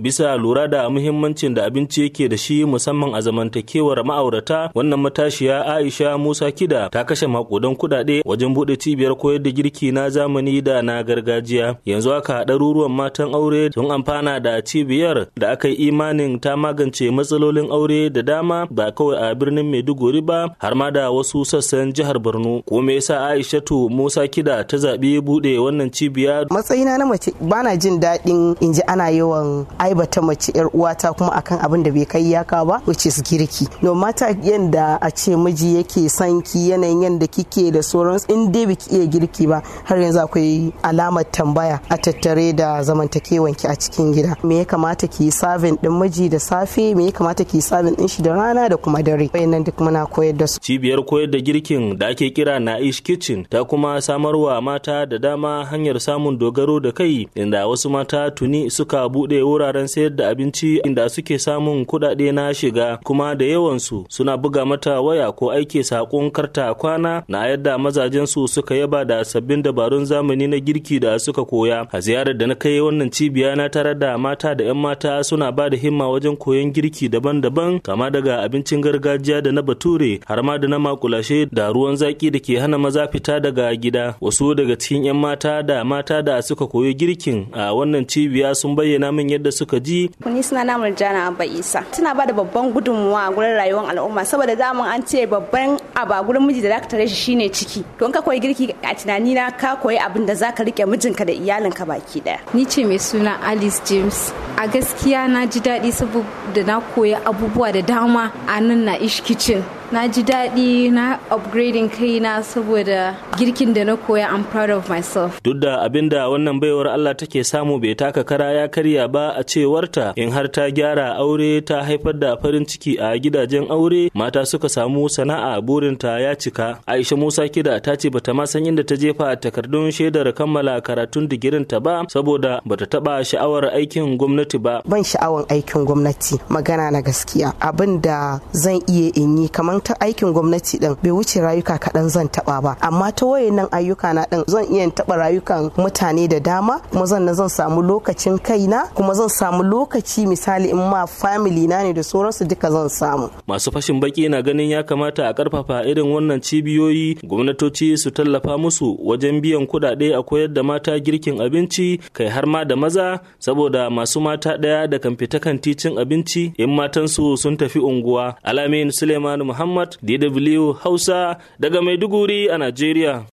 bisa lura da muhimmancin da abinci yake da shi musamman a zamantakewar ma'aurata wannan matashiya aisha musa kida ta kashe makudan kudade wajen bude cibiyar koyar da girki na zamani da na gargajiya yanzu haka ɗaruruwan matan aure sun amfana da cibiyar da aka yi imanin ta magance matsalolin aure da dama ba kawai a birnin maiduguri ba har ma da wasu sassan jihar borno ko me yasa aishatu musa kida ta zaɓi bude wannan cibiya matsayina na mace bana jin daɗin in ji ana yawan aibata mace yar uwata kuma akan abin da bai kai yaka ba wace su girki no mata yanda a ce miji yake san ki yanayin yanda kike da sauran in dai biki iya girki ba har yanzu akwai alamar tambaya a tattare da zamantakewan ki a cikin gida me ya kamata ki sabin din miji da safe me ya kamata ki sabin din shi da rana da kuma dare wayannan duk muna koyar da su cibiyar koyar da girkin da ake kira Naish Kitchen ta kuma samarwa mata da dama hanyar samun dogaro da kai inda wasu mata tuni suka bude wuraren wuraren sayar da abinci inda suke samun kuɗaɗe na shiga kuma da yawansu suna buga mata waya ko aike saƙon karta kwana na yadda mazajen su suka yaba da sabbin dabarun zamani na girki da suka koya a ziyarar da na kai wannan cibiya na tare da mata da 'yan mata suna ba da himma wajen koyon girki daban-daban kama daga abincin gargajiya da na bature har ma da na makulashe da ruwan zaki da ke hana maza fita daga gida wasu daga cikin 'yan mata da mata da suka koyi girkin a wannan cibiya sun bayyana min yadda suka ji. Ni suna na Murjana Abba Isa. Tana ba da babban gudunmuwa a gurin rayuwar al'umma saboda daman an ce babban abu a gurin miji da zaka tare shi shine ciki. Don ka koyi girki a tunani na ka koyi abin da zaka rike mijinka da iyalinka baki ɗaya. Ni ce mai suna Alice James. a gaskiya na ji daɗi saboda na koya abubuwa da dama a nan na ish kitchen na ji daɗi na upgrading kaina saboda girkin da na koya I'm proud of myself. Duk da abinda wannan baiwar Allah take samu bai taka kara ya karya ba a cewarta in har ta gyara aure ta haifar da farin ciki a gidajen aure mata suka samu sana'a burinta ya cika. Aisha Musa Kida ta ce bata ma san inda ta jefa takardun shaidar kammala karatun digirin ta ba saboda bata taba sha'awar aikin gwamnati gwamnati ba ban sha'awan aikin gwamnati magana na gaskiya abin da zan iya in yi kamar ta aikin gwamnati din bai wuce rayuka kaɗan zan taɓa ba amma ta wayannan ayyuka na ɗin zan iya taɓa rayukan mutane da dama kuma zan zan samu lokacin kaina kuma zan samu lokaci misali in ma family na ne da sauransu duka zan samu masu fashin baki na ganin ya kamata a karfafa irin wannan cibiyoyi gwamnatoci su tallafa musu wajen biyan kuɗaɗe a koyar da mata girkin abinci kai har ma da maza saboda masu mata mata ɗaya da kan fita kan ticin abinci in matansu sun tafi unguwa. Alamin Suleiman Muhammad DW Hausa daga Maiduguri a Najeriya.